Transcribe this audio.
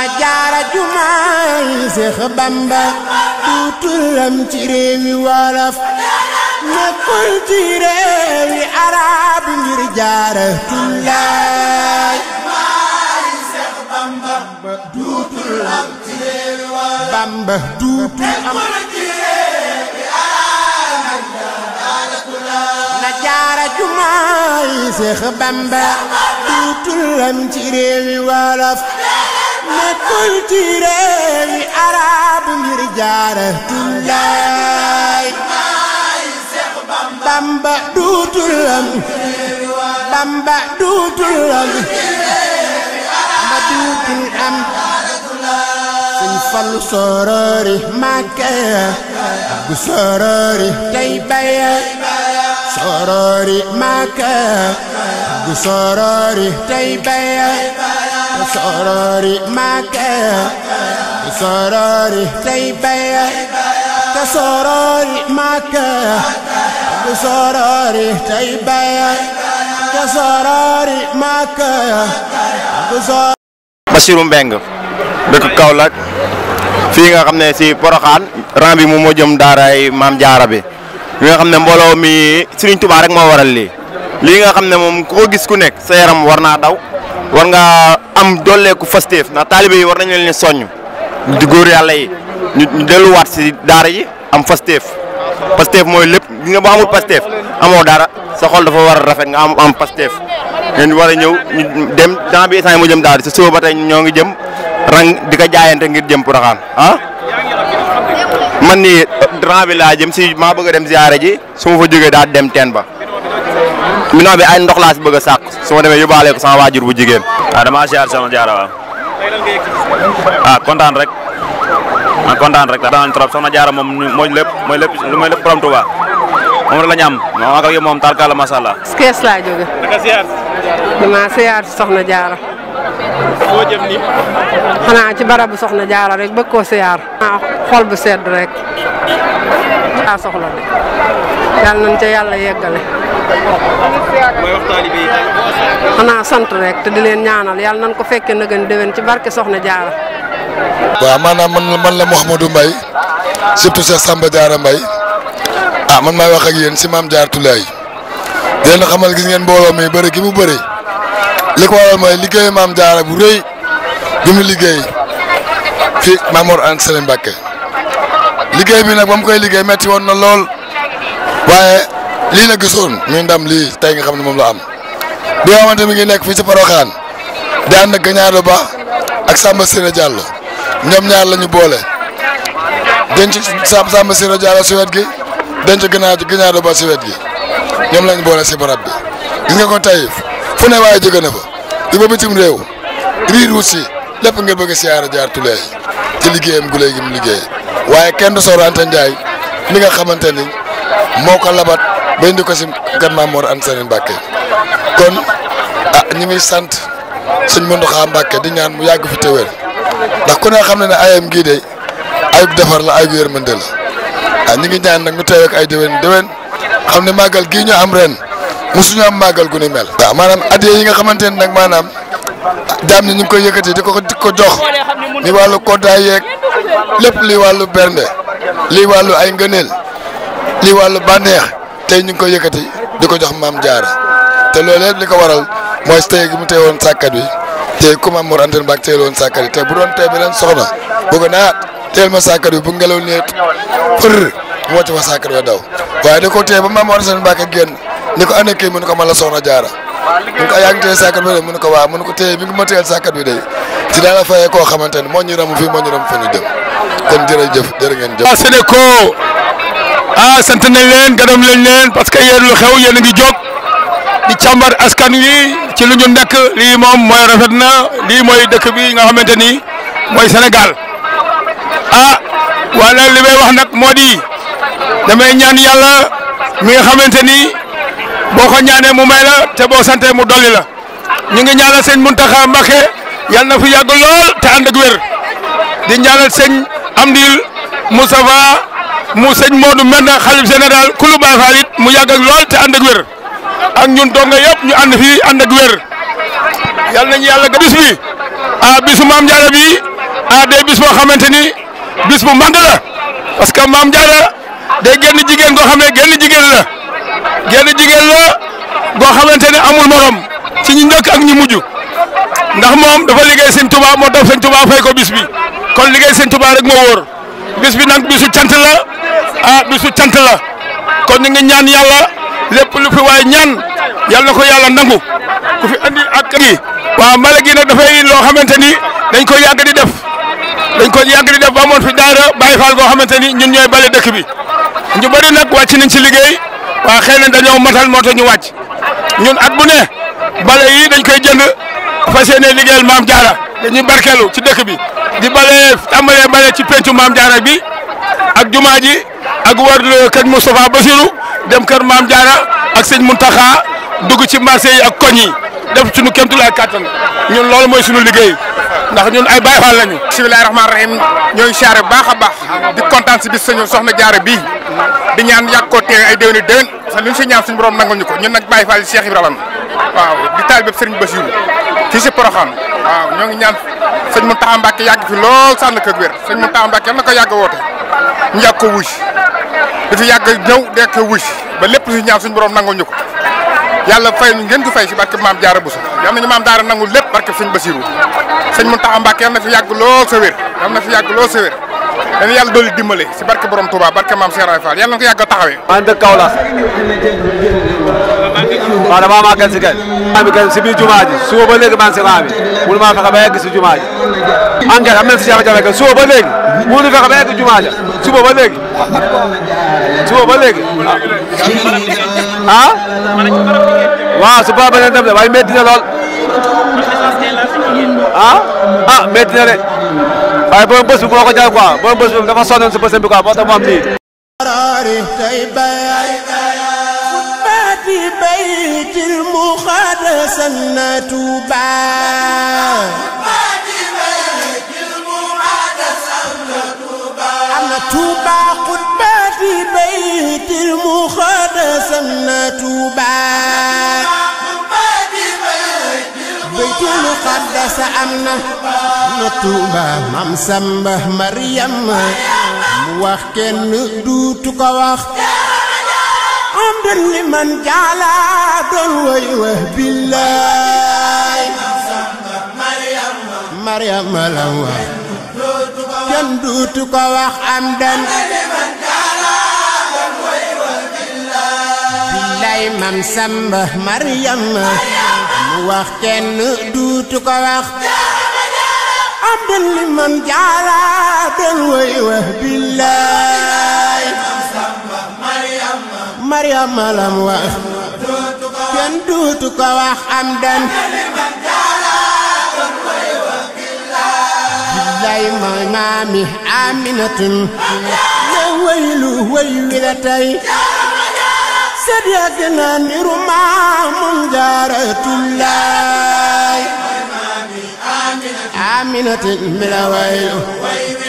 ma jaara jumaay Seex Bamba du turam ci réewi wolof nekkul ci réewi arab ngir jaara tullaay Bamba du turam Bamba du turam ci réewi wolof nekkul ci réewi arab ngir jaara tullaay bamba duutul bamba duutul am bamba duutul am suñ falu sorori sorori Makka sorori Taybaya sorori Makka sorori nga xam ne si Porokhane rang bi moom moo jëm daaray Maam Jaara bi li nga xam ne mbooloo mi Serigne Touba rek moo waral lii lii nga xam ne moom ku ko gis ku nekk sa yaram war naa daw war nga am dooleeku fasteef na taalibe yi war nañu leen soññ di góor yàlla yi ñu delluwaat si daara yi am fasteef pasteef mooy lépp gi nga boo amul pasteef amoo dara sa xol dafa war a rafet nga am am pasteef ngeen war a ñëw ñu dem temps bi instant yi mu daal sa suba ba tey ñoo ngi jëm rang di ko jaayante ngir jëm Porokhane ah man ni rang bi laa jëm si maa bëgg a dem ziare ji su ma fa jógee daal dem teen ba million bi ay ndox laa si bëgg a sàkk su ma demee a ko bu jigéen. waaw ah, damaa siyaar sama jaara waaw. ah kontaan rek ah kontaan rek daal daan trop soxna jaara moom mooy lépp mooy moom rek la ñu am moom ak yow moom laa jóge. damaa siyaar soxna jaara. foo ci barabu soxna jaara rek bëgg koo siyaar. xol bu sedd rek. kaa soxla de nañ ca yàlla yeggale. xanaa sant rek te di leen ñaanal yàlla nañ ko fekkee na gën ci barke Soxna Jaara. waaw maanaam man man la Mouhamadou Mbaye surtout Cheikh Samba Diarra mbay ah man maay wax ak yéen si maam Diarra Tulaay di leen xamal gis ngeen mbooloo mi bëri gi mu bari li ko waral mooy liggéey maam Diarra bu bi mu liggéey fii Mamour Anta Sali Mbacke liggéey bi nag ba mu koy liggéey metti woon na lool waaye lii la gisoon muy ndam li tey nga xam ne moom la am bi nga xamante mi ngi nekk fii ci Porokhane di ànd Ba ak Samba Sira Diallo ñoom ñaar la boole denc Samba Sira Diallo si wet gi denc Gagnado Gagnado Ba si wet gi ñoom lañ boole si barab bi gis nga ko tey fu ne waaye jóge na fa di ba bitim réew riir wut si lépp ngeen bëgg a siyaara jaar tulee ci liggéeyam gu léegi mu liggéey waaye kenn du Soxna Anta Ndiaye li nga xamante ni moo ko labat ba indi ko si gan Maam Mor Anta Sali kon a ah, ñi muy sant suñ Muntaxa Mbàkke di ñaan mu yàgg fi te ndax ku ne xam na ne ayam gii de ayub defar la ayub yërmande la waa ah, ñi ngi ñaan nag ñu teew ay déwén déwén xam ne màggal gii ñu am ren mosuñu am màggal gu ni mel. waaw ah, maanaam at yi nga xamante ne nag maanaam jaam ñi ñu ngi koy yëkkati di ko ko jox ni wàllu koddaay yeeg. lépp lii wàllu bernde li wàllu ay ngëneel lii wàllu bànneex tey ñu ngi ko yëkkati di ko jox maam jaara te loolu yëpp li ko waral mooy tey gi mu tey woon sàkkat bi te ku maam Mor Anta Mbacké tey woon sàkkat bu doon tey bi leen bëgg naa teel ma sàkkat bi bu ngelaw nee për wàcc fa sàkkat wa daw waaye da ko tey ba maam Mor Anta Mbacké génn ni ko ana kii mu ne ko ma la soxna jaara mu ne ko yaa ngi téye sàkkat mu ne ko waa mu ne ko téye mi ngi ma téyel sàkkat bi de ci fayee koo xamante ne moo ñu ramu fii moo ñu ram fa ñu kon jërëjëf jërë ngeen jëf. waaw Sénégal ah sant nañ leen gërëm lañ leen parce que yéen lu xew yéen a ngi jóg di càmbar askan wi ci lu ñu nekk lii moom mooy rafet na lii mooy dëkk bi nga xamante ni mooy Sénégal ah wala li may wax nag moo di damay ñaan yàlla mi nga xamante ni boo ko ñaanee mu may la te boo sante mu dolli la ñu ngi ñaanal sëñ Mountakha Mbacké yàlla na fi yàgg lool te ànd ak wér di ñaanal sëñ Amdil Moustapha mu sëñ Modou Mbenda xalif général kulu Baay Faal mu yàgg ak lool te ànd ak wér ak ñun donga yëpp ñu ànd fii ànd ak wér yal nañu yàlla ga bis bi a bisu maam Jaara bi a day bis boo xamante ni bis bu mag parce que maam Jaara day génn jigéen goo xam ne génn jigéen la génn jigéen la goo xamante ne amul morom ci ñu njëkk ak ñu mujj ndax moom dafa liggéey sëñ Tuubaa moo tax sëñ Tuubaa fay ko bis kon liggéey sëñ Tuubaa rek moo wóor bis bi nag bisu cant la ah bisu cant la kon ñu ngi ñaan yàlla lépp lu fi waaye ñaan yàlla ko yàlla nangu ku fi andi ak yi waaw mbala gi nag dafay loo xamante ni dañ koy yàgg di def dañ koy yàgg di def ba amoon fi daara bàyyi faal goo xamante ni ñun ñooy bale dëkk bi ñu bëri nag wàcc nañ ci liggéey waa xëy na dañoo matal moo tax ñu wàcc ñun at bu ne bale yi dañ koy jënd fas yéene li maam jaara dañuy barkeelu ci dëkk bi di bale tàmbalee bale ci pencu maam Diarra bi ak jumaa ji ak wër kër ba Bassirou dem kër maam Diarra ak sëñ Mountakha dugg ci marché yi ak koñ yi def suñu kéemtulaay kàttan ñun lool mooy suñu liggéey ndax ñun ay Baay Faal lañu. bismillaahi rahmaani rahiim ñooy siyaare bu baax a baax di kontaan si bis suñu soxna Diarra bii bi ñaan yàgg ko teew ay déwénu déwén parce que luñ si ñaan suñu borom nanguñu ko ñun nag Baay Faal Cheikh Ibrahima. waaw di taal bépp sëriñ Basiru fii si Poroxaan waaw ñoo ngi ñaan sëñ Mountakha Mbacké yàgg fi lool sànn kër wér sëñ Mountakha Mbacké yal na ko yàgg woote ñu yàgg ko wuy dafa yàgg ñëw dekk wuy ba lépp si ñaan suñu borom nangoo ñu ko yàlla fay ñu ngeen ko fay si barke maam Jaara Buso yal nañu maam Daara nangul lépp barke sëñ Basiru sëñ Mountakha Mbacké yal na fi yàgg lool sa wér yal na fi yàgg lool sa wér dañu yàlla dolli dimbale si barke borom Touba barke maam Cheikh Fall yàlla na ko yàgg a taxawee. maa ngi dëkk Kaolack. waaw damaa màggal si kay. maa ngi suba ba léegi maa ngi si raa maa fexe ba yegg si jumaa ji. engrais am nañ suba ba léegi mënu fexe ba yegg jumaa suba ba léegi. suba ba léegi ah. waaw su ba beneen dem de waaye métti na lool ah ah métti waaye borom bés bi moo ko jaay quoi borom bés bi dafa sonnoon si bés bi quoi moo tax mu am lii. Tuubaa xutba fi baytil muqaddas na Tuubaa muqaddas am na na Tuuba Mam Samba Maryam mu wax kenn duutu ko wax am dun li man jaala doon way wax billaay Maryam la wax kenn duutu ko wax am dan billaay Mam Samba Maryam mu wax kenn duutu ko wax abdul liman jaara doon woy wax billaay mariama lam wax kenn duutu ko wax am dan billaay mooy maami aminatun la way wi la sët ya gëna niru maamum jaaratullaay aminata mi la way